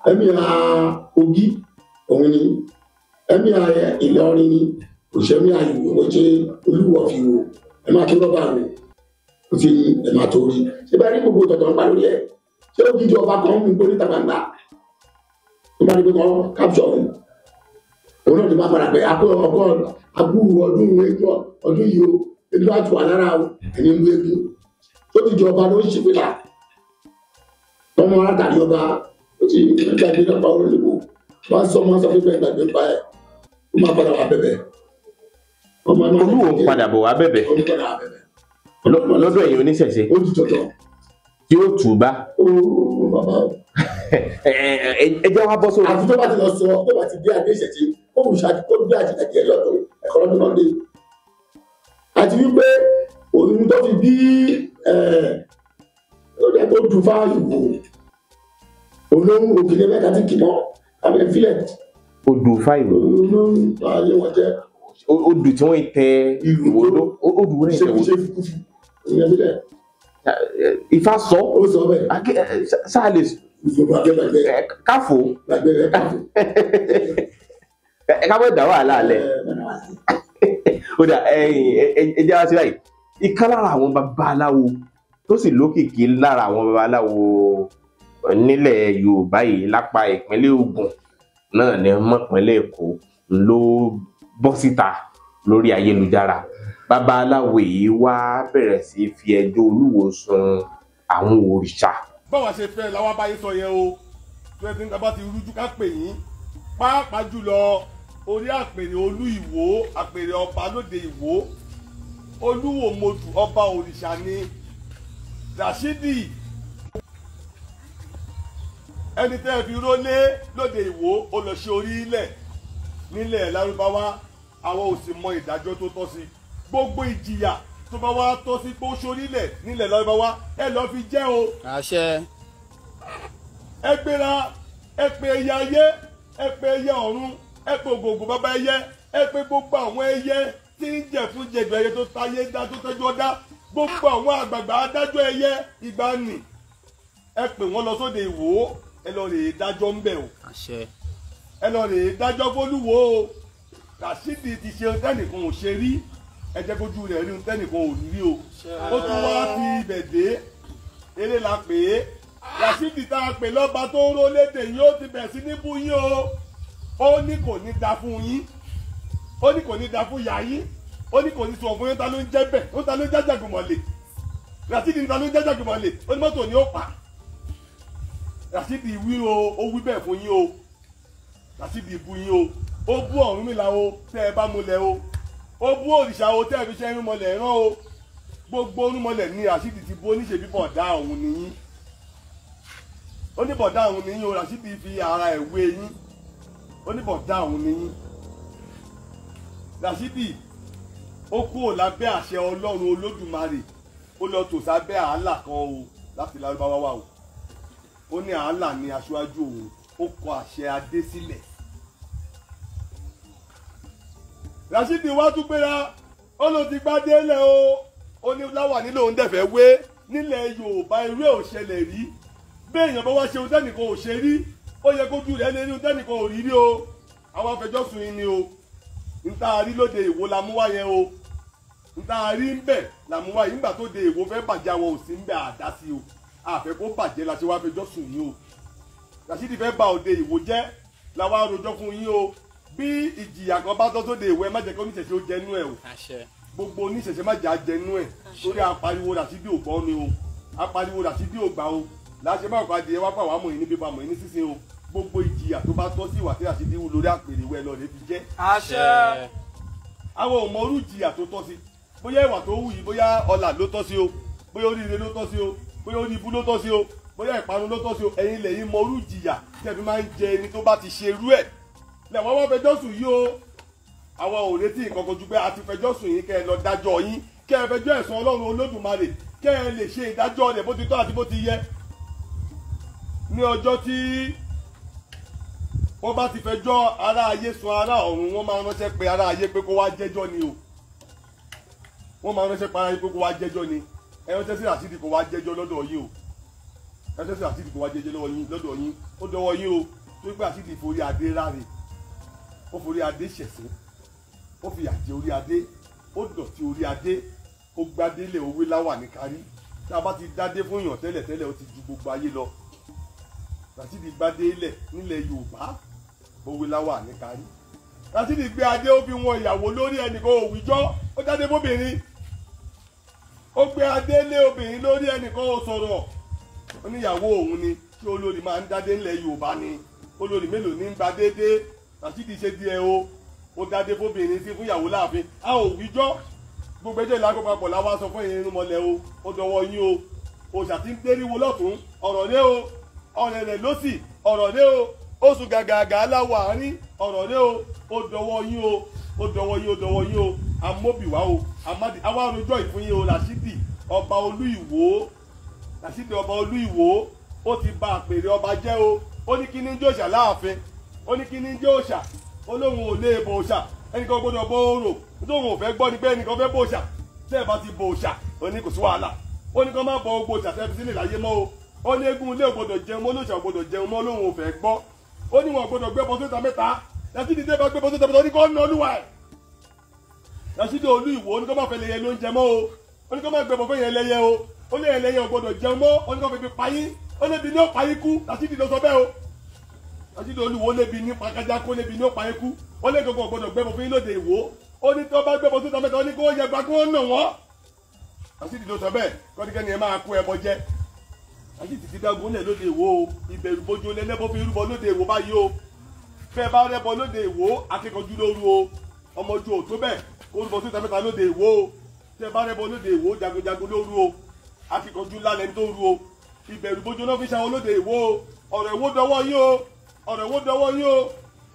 ẹ̀mí à Ògì òun ni ẹ̀mí à Ìlọrin ni òṣèmí à ìwò wọ́n ṣe olúwọ̀ fi wò ẹ̀ máa kí lọ́ba rẹ̀ ó sì ẹ máa tó rí ṣé bá rí gbogbo tọ̀tọ̀ ń pa lórí ẹ̀ ṣé ó dídí ọba kan ń gbórí tàgbàǹgbà tó bá rí pé kàn kápsọ̀ òun òun náà ti máa fara pé akó ọkọ agbúrú ọdún ẹgbọ ọdún yìí o ebi wá tù wá lára o ẹni ń lu ebi tó ti di ọba ló ń ṣèpè là ọmọ látàrí ọba ó ti gbàgbé náà pa olóyìnbó wọn sọ wọn sọ pé bẹ́ẹ̀ gbàgbé pa ẹ ó máa padà wá bẹ̀bẹ̀. olú ò lọ́dọ̀ ẹ̀yin oníṣẹ̀ṣe ó ti tọ̀tọ̀ tí ó tù bá. ẹ jẹ́ wá bọ́ sórí. àti tó bá ti lọ sọ tó bá ti dé adé ìṣẹ̀ṣe ó kò ṣáájú kó dé àti ẹ̀jẹ̀ lọ́dọ̀ ẹ̀kọ́ lọ́dún náà dé. àti wípé òun tó fi bí ọjà tó dùn fáyì wò olóhùn òkèlè mẹ́ta ti kì mọ́ abẹ́ fílẹ̀. odù fáyì wò. olóhùn fáyì wọ́n jẹ́. odù tí wọ́n tẹ ìwòdó odù wọ́n tẹ ìwòdó ìyẹn mi bẹ́ẹ̀. ifá sọ ó sọ bẹ́ẹ̀ sáà lè káfò káfò dá wàhálà alẹ ó dà ẹ jẹ́ wá sí báyìí ìkan lára àwọn babaláwo tó sì lókìkí lára àwọn babaláwo nílẹ̀ Yorùbá yìí lápá ìpínlẹ̀ Ògùn náà ní mọ́pínlẹ̀ Èkó ló bọ́ síta lórí ayélujára babaláwo yìí wá bẹ̀rẹ̀ sí fi ẹjọ́ olúwo sun àwọn òrìṣà. báwa ṣe fẹ́ làwọn abáyé sọ yẹn o tó ẹ ti ń gbà bá ti rújú ká pè yín pàápàá jùlọ orí àpèrè olú ìwò àpèrè ọba lóde ìwò olúwo modù ọba òrìṣà ni rashidi ẹni tẹ́ ẹ fi rólé lóde ìwò ó lọ ṣe orí ilẹ̀ nílẹ̀ lárúbáwá àwọn ò sì mọ ìdájọ́ tó tọ́ sí i gbogbo ìjìyà tó bá wá tọ́ sí pé ó ṣorílẹ̀ nílẹ̀ lọ́ba wá ẹ lọ́ọ́ fi jẹ́ o. àṣẹ. ẹ gbéra ẹ pè ẹyẹ ayé ẹ pè ẹyẹ ọ̀run ẹ pè ògògùn bàbá ẹyẹ ẹ pè gbogbo àwọn ẹyẹ tí ń jẹ fún jẹjọ ẹyẹ tó táyé dá tó tẹ́jú ọdá gbogbo àwọn àgbààgbà adájọ́ ẹyẹ ìgbàanì ẹ pè wọ́n lọ sóde ìwò ẹ lọ rèé dájọ́ ńbẹ̀ o ẹ lọ rèé dájọ́ fólúwo o Rasidi ti ṣe tẹ́nìkan ò ṣe rí ẹ jẹ́ kójú rẹ̀ rí tẹ́nìkan ò ní rí o ó tún wá fi ibẹ̀ dé eré la pè é rasidi tá a pè lọ́ba tó ń rólé dè ó ti bẹ̀ sí níbú yín o ó ní kò ní da fún yín ó ní kò ní da fún yá yín ó ní kò ní sọ fún yín ta ló ń jẹ́ bẹ̀ ó ta ló ń jájàgùmọ̀lẹ̀ rasidi ta ló ń jájàgùmọ̀lẹ̀ ó ní mọ́tò ni ó pa rasidi wí o ó wí bẹ́ẹ̀ fún yín o rasidi bu yín o ó bú Ọ̀rúnmìlà o tẹ́ ẹ bá múlẹ̀ o ó bú òrìṣà o tẹ́ fi ṣe irúnmọlẹ̀ rán o gbogbo irúnmọlẹ̀ ni Rasidi ti bú oníṣèbí bọ̀dá òun nìyí oníbọ̀dá òun nìyí o Rasidi fi ara ẹ̀ wé yín oníbọ̀dá òun nìyí Rasidi ó kúrò lábẹ́ àṣẹ ọlọ́run olódùmarè ó lọ tò sábẹ́ àálà kan o láti lárúbáwá wà o ó ní àálà ni aṣáájú òun ó kọ àṣẹ adé sílẹ̀ Rasheed wá tún gbéra ó ló ti gbá délẹ̀ o ó ní láwà nílò òun dẹ̀fẹ̀ wé nílẹ̀ Yorùbá eré ò ṣẹlẹ̀ rí béèyàn bá wá ṣe ohun tẹ́nìkan ò ṣe rí ó yẹ kójú rẹ̀ lé ní ohun tẹ́nìkan ò rí rí o àwọn afẹjọ́sùn yìí ni o níta rí lóde Ìwó la mú wá yẹn o níta rí ń bẹ̀ la mú wá yìí nígbà tó de Ìwó fẹ́ bàjẹ́ àwọn òsì ń bẹ̀ àdá sí o àfẹ́ kó bàjẹ́ la ṣe wá afẹjọ́sùn yìí o Rasheed fẹ́ ba òde Ìwó jẹ́ la wá rojọ́ fún yín o bí ìjìyà kan bá tọ́ tó de ìwẹ́ má jẹ́ kí oníṣẹ̀ṣẹ̀ ó jẹnú ẹ̀ o gbogbo oníṣẹ̀ṣẹ̀ má jẹ́ àjẹnú ẹ̀ torí apariwo dàtí bí ògbọ́n ni o apariwo dàtí bí ògbà o láṣẹ má kó adìyẹ wá pàwọ́ àmọ̀ yìí níbi bàmọ̀ yìí ní sísìn o gbogbo ìjìyà tó bá tọ́ sí ìwà tí àṣẹ díwú lórí àpèrè ìwẹ́ lọ́ọ̀rẹ́ fi jẹ́. àṣẹ. àwọn ò mọ orú ìjìyà tó tọ́ sí bóyá ìwà tó wù yìí bóyá ọlà ló tọ́ sí o bóyá oríire ló tọ́ sí o bóyá oníbu ló tọ́ sí o bóyá ìparun ló tọ́ sí o ẹ̀yin lẹ̀yin mọ orú ìjìyà tẹ̀fí máa ń jẹ ẹni tó bá ti ṣerú ẹ̀ lẹ́wọ̀n wọ́n fẹjọ́ sùn yìí o àwọn ò retí nǹkan kan ju pé a ti fẹjọ́ sùn yìí kẹ́ ẹ lọ dájọ́ yín kẹ́ ẹ fẹjọ́ ẹ̀sùn ọlọ́run olódùmarè kẹ́ ẹ lè ṣe ìdájọ́ rẹ̀ bó ti tọ́ àti bó ti yẹ ní ọjọ́ tí wọ́n bá ti fẹjọ́ ará ayé sun ara ọ̀run wọ́n máa ránṣẹ́ pé ará ayé pé kó wá jẹ́jọ́ ni o wọ́n máa ránṣẹ́ pé ará ayé pé kó wá jẹ́jọ́ ni ẹ ránṣẹ́ sí àtìdì kó wá jẹ́jọ́ lọ́dọ̀ yìí o ẹ ránṣẹ́ sí àtìdì kó wá jẹ́jọ́ lọ́dọ̀ yìí ó dọwọ́ yìí o tó pé àtìdì forí adé rárẹ̀ ó forí adé ṣẹ̀sín ó fi àjẹ orí adé ó dọ̀tí orí adé ó gbadélé owó láwà ní kárí tá a bá ti dádé fún èèyàn tẹ́lẹ̀tẹ́lẹ̀ ó ti ju gbogbo ayé lọ Rasidi gbadélé nílẹ̀ Yorùbá owó láwà ní kárí Rasidi gbé adé ó fi wọn ìyàwó lórí ẹnìkan òwìjọ́ ó dádé fóbìnrin ó gbé adé lé obìnrin lórí ẹnìkan ó sọ̀rọ̀ ó níyàwó òun ni kí olórí máa ń dádé ńlẹ̀ Yorùbá ni olórí mélòó ní gbadédé àti kìí ṣe díẹ̀ o ó dáadé fóbìnrin sí fún ìyàwó láàfin a ò wíjọ́ gbogbo ẹjọ́ ìlàkó papọ̀ làwọn aṣọ fún ìrìn mọ́lẹ̀ o ó dọwọ́ yín o òṣà ti ń tẹ́ríwo lọ́tún ọ̀rọ̀ lé o ọ̀rẹ́ rẹ̀ lọ́sì ọ̀rọ̀ lé o oṣù gàgàgà aláwọ̀ àárín ọ̀rọ̀ lé o ó dọwọ́ yín o ó dọwọ́ yín ó dọwọ́ yín o amóbìwá o amadi àwa arojọ́ ìfúnyín o làṣídì ọba olú ìwò làṣídì ọba olú ìwò ó ti ba àpèrè ọba jẹ́ o ó ní kí ní jòṣà láàfin ó ní kí ni jẹ́ òòṣà ó lóun ò lè bọ òòṣà ẹnìkan gbọ́dọ̀ bọ orò tóun ò fẹ́ gbọ́ ni pé ẹnìkan fẹ́ bọ òòṣà tẹ́ ẹ bá ti bọ òòṣà ó ní kò sí wàhálà ó ní kó má bọ gbogbo òòṣà tẹ́ fi sílẹ̀ láyé mọ́ o ó ní eégún ilé ògbọ́dọ̀ jẹun mọ́ lóòṣà ògbọ́dọ̀ jẹun mọ́ lóun ò fẹ́ gbọ́ ó ní wọn ògbọ́dọ̀ gbẹ́bọ sóta mẹ́ta lásìdí tẹ́ bá gbẹ́bọ sóta mẹ́ta ó ní kó ń nọlúwa ẹ̀ lásìdí olú ìwò ó ní kó má fẹ́ lẹ́yẹ lóúnjẹ mọ́ o ó ní ọtílẹ̀ olúwo lébi ní pàkájá kó lébi ní ọ̀pá ikú ó lé gbogbo ọ̀gbọ́dọ̀ gbẹ́bọ fún yín lóde ìwò ó ní tó bá gbẹ́bọ síta mẹ́ta ó ní kó yẹ gba kó nà wọ́n àtìdì ló sọ bẹ́ẹ̀ kọ́díkẹ́ni ẹ máa kó ẹbọ jẹ àtìdì ti dágun lẹ̀ lóde ìwò o ìbẹ̀rù bójú lẹ́lẹ́bọ fi rúbọ lóde ìwò báyìí o fẹ́ bá rẹ́bọ lóde ìwò akẹ́kọ̀ọ́jú lóru o ọmọ ju òtó bẹ́ẹ̀ kó rúbọ síta mẹ́ta lóde ìwò o fẹ́ bá rẹ́bọ lóde ìwò jagunjagun lóru o akẹ́kọ̀ọ́jú lálẹ́ ń tó ru o ìbẹ̀rù bójú náà fi ṣàwọn lóde ìwò o ọ̀rọ̀ ìwò dọwọ́ yìí o ọ̀rọ̀ wo dọwọ́ yín o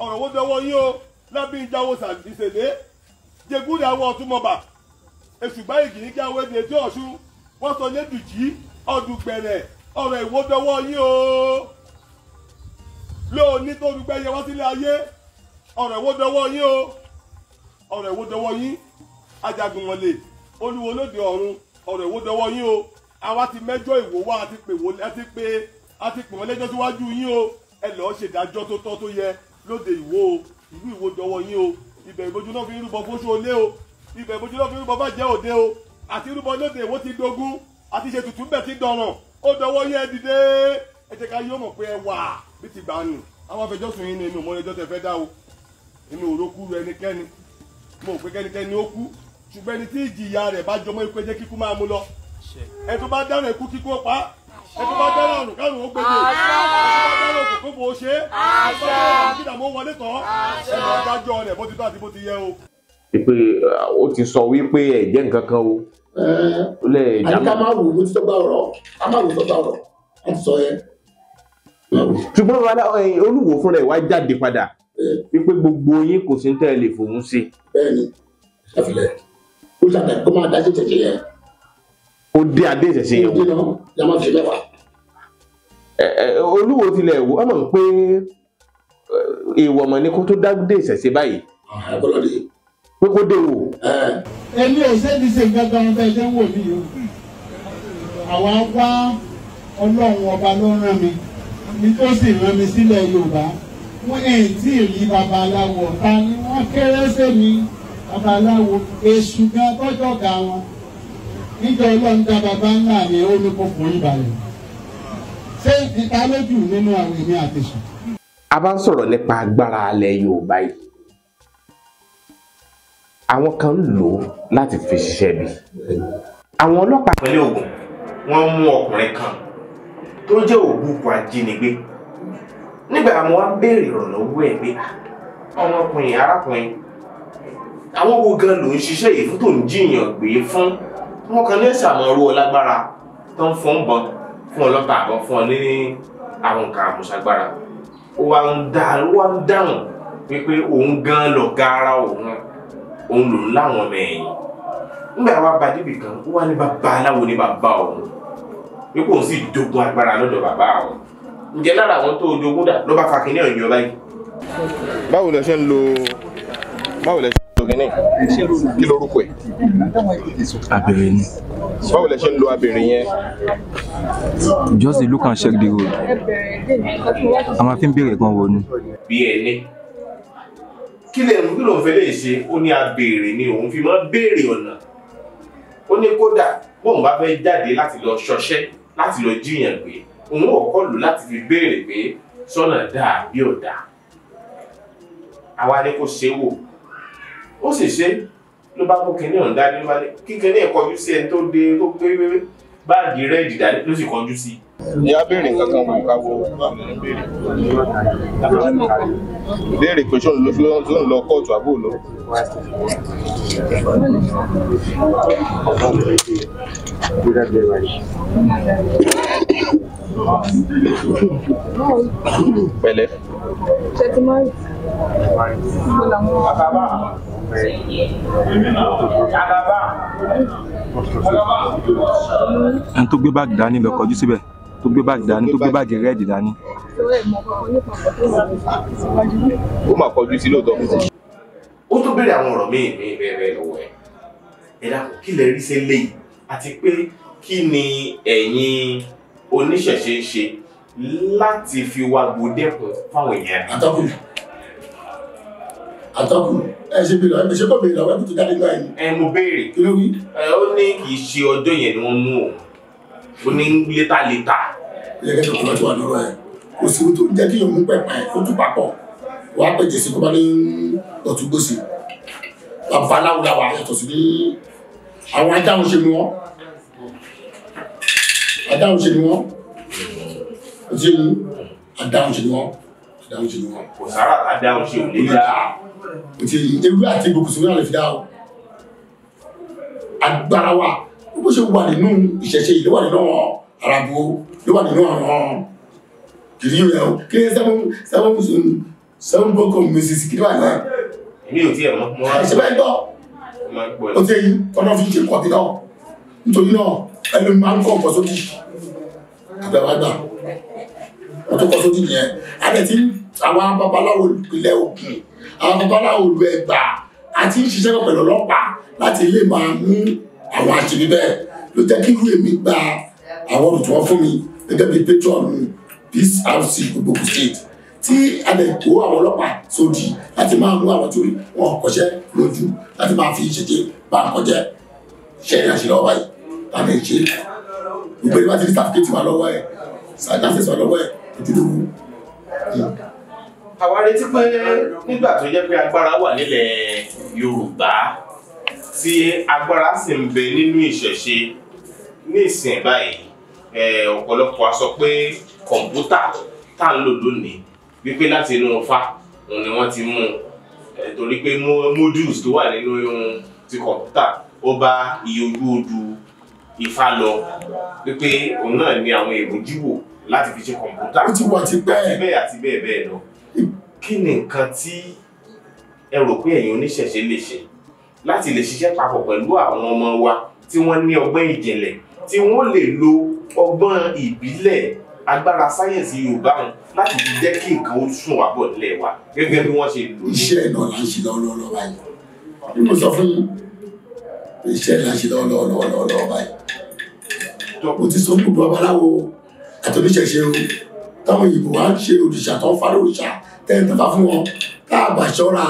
ọ̀rọ̀ wo dọwọ́ yín o lábí ìjáwó ìṣèlé jegúdì awọ ọtúnmọba èṣùgbá ìgì ní jáwé di etí ọ̀ṣun wọ́n sọ lẹ́dùjì ọdùgbẹ̀rẹ̀ ọ̀rọ̀ ìwo dọwọ́ yín o lóòní tó dùgbẹ́ yẹ wá sílé ayé ọ̀rọ̀ ìwo dọwọ́ yín o ọ̀rọ̀ ìwo dọwọ́ yín ajagunmọ̀lẹ̀ olúwo lóde ọ̀run ọ̀rọ̀ ìwo dọwọ́ yín o àwa ti mẹ́jọ ìwò wa àti pè wọ́n lẹ́jọ́ síwájú yín o ẹ lọ́ọ́ ṣèdájọ́ tó tọ́ tó yẹ lóde ìwó o ìlú ìwó jọ̀wọ́ yín o ibẹ̀ ìbojú náà fi ń rúbọ fóṣù olé o ibẹ̀ ìbojú náà fi ń rúbọ bàjẹ́ òde o àti rúbọ lóde ìwó ti dogun àti ṣe tùtù bẹ̀ ti dọ̀ràn ó dọwọ́ yín dìde ẹ jẹ́ ká yóò mọ̀ pé ẹ wà bí ti gbà nù àwọn afẹjọ́sùn yín ni èmi mọ ẹjọ́ tẹ fẹ́ dá o ẹbí bá dẹ́rọ ọ̀nù ó gbélé ẹbí bá dẹ́rọ òkú ṣe ẹbí bá dẹ́rọ òkú kídà wọlé tán ẹbí bá dájọ́ rẹ̀ bó ti tó àti bó ti yẹ o. ìpè ó ti sọ wípé ẹ̀jẹ̀ nǹkan kan o. àyíká máa wù ú tó gbà ọ̀rọ̀ a máa wù tó gbà ọ̀rọ̀ a ti sọ yẹn. ṣùgbọ́n bàbá olúwo fúnra ẹ̀ wá jáde padà wípé gbogbo yín kò sí tẹ́ ẹ fòun ṣe. bẹ́ẹ̀ni ẹ filẹ ó kó ó dé adé ìṣẹ̀ṣe yẹn wò olúwo tilẹ̀ wò ọmọ pé ìwọ̀mọ̀ ni kó tó dé ìṣẹ̀ṣe báyìí pé kó dé wò. ẹni ẹ̀ṣẹ́ ti ṣe gbàgbà ọba ẹ̀ṣẹ́ wò mí o àwa wá ọlọ́run ọba ló rán mi ni tó sì rán mi sílẹ̀ yorùbá wọ́n ẹ̀ tí ì rí babaláwo ọ̀tá ni wọ́n kéré sí mi babaláwo èṣù gan tọ́jọ́ ga wọn níjọ ọlọ́run dá bàbá ńlá mi ó ní kó forí balẹ̀ ṣé ìta lójú nínú àwọn èmi àtẹ̀sùn. a bá ń sọ̀rọ̀ nípa agbára alẹ́ Yorùbá yìí àwọn kan ń lò ó láti fi ṣiṣẹ́ bí àwọn ọlọ́pàá ìpínlẹ̀ Ògùn wọ́n mú ọkùnrin kan tó jẹ́ òbúkọ ajínigbé nígbà mo wá béèrè ìrànlọ́wọ́ ẹ̀ pé ah, ọmọkùnrin arákùnrin àwọn wo gan ló ń ṣiṣẹ́ yìí fún tó ń jiyàn gbé fún wọn kàn ní ìsàmọ̀ owó lágbára tó ń fọ́n bọ́n fún ọlọ́ta àbọ̀ fún ọ ní àwọn nǹkan àmúṣagbára ó wá ń dáhùn wípé òun gan lọ̀gá ara òun òun lòun láwọn ọmọ ẹ̀yìn nígbà wa bá débi kan ó wá ní bàbá aláwo ní bàbá òun wípé òun sì dogun agbára lọ́dọ̀ bàbá òun ǹjẹ́ lára àwọn tó dogun dà ló bá fa kínní ọ̀yọ́ báyìí. báwo lẹ ṣe ń lo báwo lẹ ṣe tòkínní kí lorúkọ ẹ. abẹ̀rẹ̀ ni. báwo lẹ ṣe ń lo abẹ̀rẹ̀ yẹn. just dey look and check the road. a máa fi ń béèrè kan wọnú. bí ẹni kí lè kí lòun fẹ́ lè ṣe ó ní abèrè ni òun fi máa béèrè ọ̀nà ó ní kódà bóun bá fẹ́ jáde láti lọ ṣọṣẹ́ láti lọ jíyàn gbé òun ò kọ́ lù láti fi béèrè pé sọ́nà dáa bí ò àwa ni kò ṣe é wò ó sì ṣe ló bá mú kinní ọ̀hún dání ló bá ní kí kinní ẹ̀ kọjú sí ẹni tó dé tó pé báàgì rẹ́ẹ̀dì dání ló sì kọjú sí i. ìyá kankan mọ̀ ká wo béèrè pé ṣó ń lọ kóòtù àbò lọ. Thank you pẹ̀lẹ́. ṣètìmọ́rì mo Akaba. Akaba. Akaba. ẹni tó gbé báàgì dání lọ kọjú síbẹ̀ tó gbé báàgì dání tó gbé báàgì rẹ́ẹ̀dì dání. ó mà kọjú sí lóòótọ́. ó tún béèrè àwọn ọ̀rọ̀ míì míì bẹ́ẹ̀ bẹ́ẹ̀ lọ́wọ́ ẹ̀ ẹ̀dá kí lè rí sí eléyìí àti pé kí ni ẹ̀yin oníṣẹ̀ṣe ń ṣe láti fi wá gbòdẹ́kun fáwọn èèyàn. atọ́kùn atọ́kùn ẹ ṣe bèrè ẹ ṣe kọ́ bèrè àwọn ẹ̀kútù jáde náà yìí. ẹ mo béèrè kí ló wí. ẹ ó ní kì í ṣe ọjọ́ yẹn ni wọ́n mú o ó ní létà létà. ẹ yẹ kí ọkọ tó wà lọ́rọ̀ ẹ kò sí ohun tó ń jẹ́ kí òun pẹ̀pẹ̀ ojú papọ̀ wàá pẹ̀ jẹ̀sí kó bá ní ọ̀túngbòsì bàbá aláwọ̀ làwà yàtọ̀ sí ní àwọn ajáhùn ṣe mú wọn ẹ̀dá òṣèlú wọn òṣèlú àdá òṣèlú wọn àdá òṣèlú wọn. kò sára àdá òṣèlú lè dá. òṣèlú ewé àti egbò kò sí wíwá lè fi dá o agbára wa bó ṣe wà nínú ìṣẹ̀ṣe yìí ló wà nínú arabu ló wà nínú àwọn kìrì rẹ o kí ni sẹ́wọ́n sẹ́wọ́n sẹ́wọ́n bọ́kọ̀ mrs kìrì wà náà. èmi ò tí ẹ̀ mọ́ mọ́. àìsí bẹ́ẹ̀ gbọ́ o ti ẹyin ọ̀nà fi ṣe kọ̀ọ̀kì náà nítorí náà ẹni máa ń kọ̀ ọ̀pọ̀ sókè àbẹ̀wá gbà wọ́n tó kọ́ sójú nìyẹn a dẹ̀ ti àwọn babaláwo ìpínlẹ̀ Ògùn àwọn babaláwo ìlú Ẹ̀gbá a ti ń ṣiṣẹ́ pẹ̀lú ọlọ́pàá láti lè máa mú àwọn àṣírí bẹ́ẹ̀ ló jẹ́ kí irú èmi gba àwọn olùtọ́ fún mi gẹ́gẹ́ bí patron Peace House gbogbo state tí a lè kó àwọn ọlọ́pàá sódì láti máa mú àwọn tó wọn kọṣẹ́ lójú láti máa fi ṣètè bá ń kọjá ṣẹ́yìn àṣírí ọba yìí láti ṣe é gbogbo ìwà ti ní sàfikẹ́tì wà lọ́wọ́ ẹ̀ sàdáṣẹ́sì wà lọ́wọ́ ẹ̀ tètè ló mú. àwa retí pé nígbà tó jẹ́ pé agbára wà nílẹ̀ Yorùbá tí agbára sì ń bẹ nínú ìṣẹ̀ṣe ní ìsìn báyìí ọ̀pọ̀lọpọ̀ a sọ pé kọ̀ǹpútà tá à ń lò lónìí wípé láti inú fa òun ni wọ́n ti mú un torí pé modules tó wà nínú ti kọ̀ǹpútà ó bá iye ojú ojú Ifá lọ wípé òun náà ni àwọn èròjú wò láti fi ṣe kọ̀ǹpútà ó ti wà ti bẹ́ẹ̀ àti bẹ́ẹ̀ bẹ́ẹ̀ lọ kí ni nǹkan tí ẹ rò pé ẹ̀yin oníṣẹ̀ṣe lè ṣe láti lè ṣiṣẹ́ papọ̀ pẹ̀lú àwọn ọmọ wa tí wọ́n ní ọgbọ́n ìjìnlẹ̀ tí wọ́n lè lo ọgbọ́n ìbílẹ̀ agbára sáyẹ̀nsì yorùbá wọn láti fi jẹ́ kí nǹkan ó sùn wá bọ̀ nílẹ̀ wa gẹ́gẹ́ bí wọ́n ṣe lò ó. iṣẹ́ náà là ṣe lọ́wọ́lọ́wọ́ báyìí bí mo sọ fún iṣẹ́ là ń ṣe lọ́wọ́lọ́wọ́ báyìí lọ́pọ̀ ti sọ lùdú babaláwo àtọ́níṣẹ̀ṣe o táwọn ìbò wa ń ṣe òrìṣà tó ń fara òrìṣà tẹ́yìn tó bá fún wọn tá a bá ṣọ́ra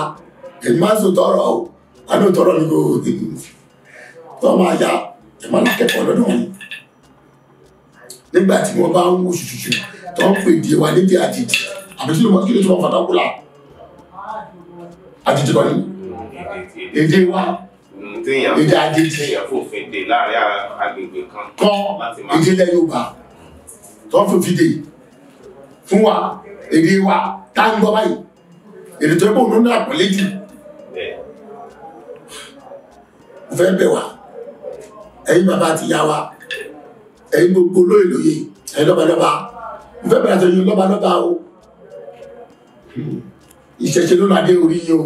ẹ̀mí máa ń sọ tọrọ o àánú tọrọ ni kò tó máa ya ẹ̀ lákẹ́kọ̀ọ́ lọ́dọ̀ wọn nígbà tí wọ́n bá ń wo ṣùṣùṣù tó ń pè díẹ̀ wá níbi àjèjì àbí ló mọ kí ló tó wọn fàtàkùlà àjèjì kan ní èdè wa Mm, téèyàn ìdajì téèyàn fòfin dè láàrin agbègbè kan kan ìdílé Yorùbá tó fòfin dè fún wa èdè wa tá ń gbọ́ báyìí èdè tó bò ń náà pẹ̀lẹ́ jù mo fẹ́ bẹ̀ wá ẹ̀yin bàbá àti ìyá wa ẹ̀yin gbogbo lóyè lóyè ẹ̀yin lọ́balọ́ba mo fẹ́ bẹ̀rẹ̀ àtẹ̀yìn lọ́balọ́ba o ìṣẹ̀ṣẹ̀ ló ládé orí yìí o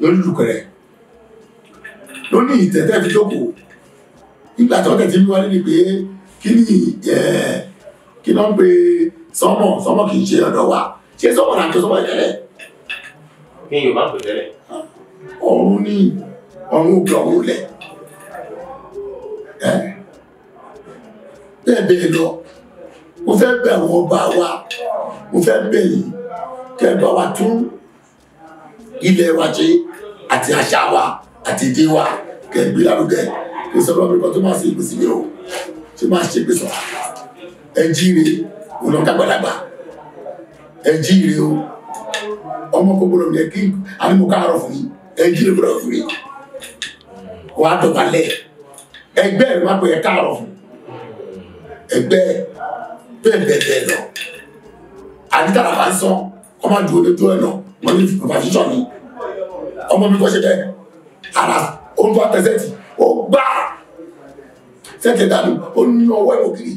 lórí lùkẹ̀rẹ̀ ló ní ìtẹ̀tẹ̀ fi jókòó nígbà tí wọ́n tẹ̀ ti mú wálé ni pé kí ni kí ló ń pe sọmọ sọmọ kì í ṣe ọ̀dọ̀ wa ṣé sọmọ náà kí sọmọ ìtẹ̀lẹ̀. kí ni yorùbá ń pè tẹ́lẹ̀. ọ̀run ni ọ̀run òkè ọ̀run lẹ̀ bẹ́ẹ̀ bẹ́ẹ̀ lọ mo fẹ́ bẹ̀ wọ́n ọba wa mo fẹ́ bẹ̀ yìí wa tún ilé wa ṣe àti àṣà wa àti ìdí wa kẹ̀gbé lárugẹ kí sọ̀rọ̀ mi kan tó máa ṣe ìgbé sílé o ṣé máa ṣe ìgbé sọ̀rọ̀ ẹ jíire òun ọ̀gá gbàlagbà ẹ o ọmọ kò gbọdọ̀ yẹ kí ànímọ̀ káàárọ̀ fún yín ẹ jíire gbọdọ̀ fún yín wà á dọ̀bálẹ̀ ẹgbẹ́ rẹ̀ má pè é káàárọ̀ fún ẹgbẹ́ bẹ́ẹ̀ bẹ́ẹ̀ bẹ́ẹ̀ lọ àdìtàlà bá ń sọ ọmọ àdúgbò lè dúró ẹ̀ lọ wọn ní bàbá ṣíṣọ́ mi ọmọ mi kọ́ ṣe bẹ́ẹ̀ ara ó ń bá tẹ́sẹ̀tì ó gbá sẹ́kẹ̀ dànù ó ní ọwọ́ ẹ̀ ògiri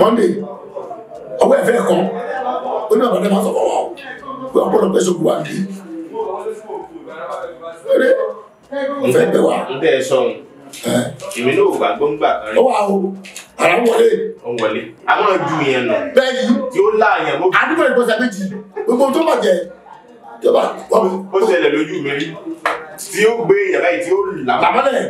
monday ọwọ́ ẹ̀ fẹ́ kan ó ní ọ̀bàdàn máa sọ fọwọ́ pé ọpọlọ pẹ́ sókùwà ní eré ọ̀fẹ́ pẹ́ wà. ń tẹ́ ẹ sọ̀rọ̀ èmi náà ò gbàgbọ́ ń gbà kan rí. ó wà o ara ń wọlé. ó ń wọlé a máa ju yẹn nù. bẹ́ẹ̀ ni tí ó lá yẹn mọ́. ìgbọ̀nsẹ̀ méjì gbogbo tó bàjẹ́ tó bá wọ́n mi. ó ṣẹlẹ̀ lójú mi rí tí ó gbé yàrá yìí tí ó làmọ́lẹ̀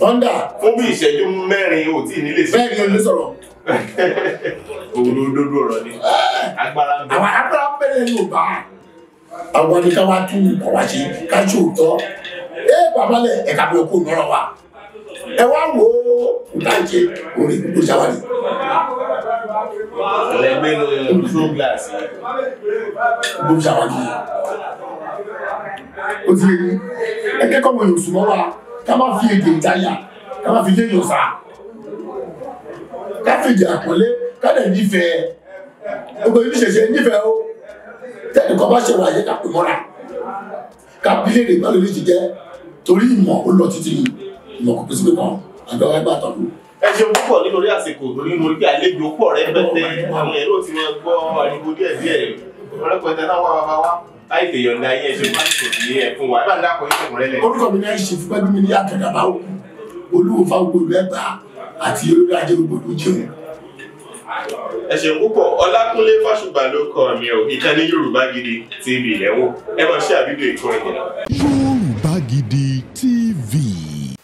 thunder fún bí ìṣẹ́jú mẹ́rin ò tí ì nílé sí. bẹ́ẹ̀ ni olè sọ̀rọ̀. òun ló dódó ọ̀rọ̀ ni eh. agbára ń bẹ. àwọn agbára bẹ̀rẹ̀ yóò bá àwọn ni ká wá tún ìbọn wá ṣe ká ṣe òótọ́ eh, ẹ bàbá lẹ ẹ̀ka bí okòó nọ̀rọ̀ wa ẹ wá wò ó ìdájẹ orí gbogbo sáwárì. gbogbo sáwárì o ti rí ẹ kẹ́kọ̀ọ́ mọ̀ yóò súnmọ́ wa ká má fi èdè ìdáyà ká má fi lé yóò ká fi èdè àpọ́nlé ká lè nífẹ̀ẹ́ gbogbo ìlú ṣẹ̀ṣẹ̀ nífẹ̀ẹ́ o tẹ́nìkan bá ṣe wà yẹ ká pè mọ́ra ká bí lè rè má lórí ti torí ìmọ̀ ó lọ títí yìí ìmọ̀ kúkú síbi kan àjọ ẹgbẹ́ àtọ̀kù. ẹ ṣeun púpọ̀ nítorí àsìkò torí mo rí pé àlejò pọ̀ rẹpẹtẹ oh àwọn èrò tí wọ́n gbọ́ ariwo díẹ̀ díẹ̀ rẹpẹtẹ náà wà bàbá wa láì tèèyàn ní ayé ẹjọ́ máa ń tò ní ẹ̀fún wa bá dákọ̀ yín tẹ̀kùn rẹ́lẹ̀. orúkọ mi náà ṣe fúnpẹ́ mi ní àkàdàbà olúwofa gbogbo ẹgbà àti olórí gbogbo jẹun. ẹ púpọ̀ ọlákúnlé fásùgbà ló kọ mi ò ìkànnì yorùbá gidi tv lẹ́wọ̀ ẹ máa ṣe àbídò ìkọ́ ẹ̀yìn náà. yorùbá gidi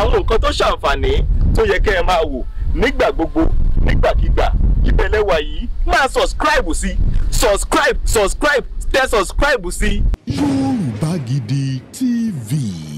àwọn nǹkan tó ṣàǹfààní tó yẹ kẹ́ ẹ máa wò nígbà gbogbo nígbàkigbà ìbẹ̀lẹ̀ wà yìí máa subscribe sí subscribe subscribe tẹ subscribe sí. Yorùbá Gidi TV.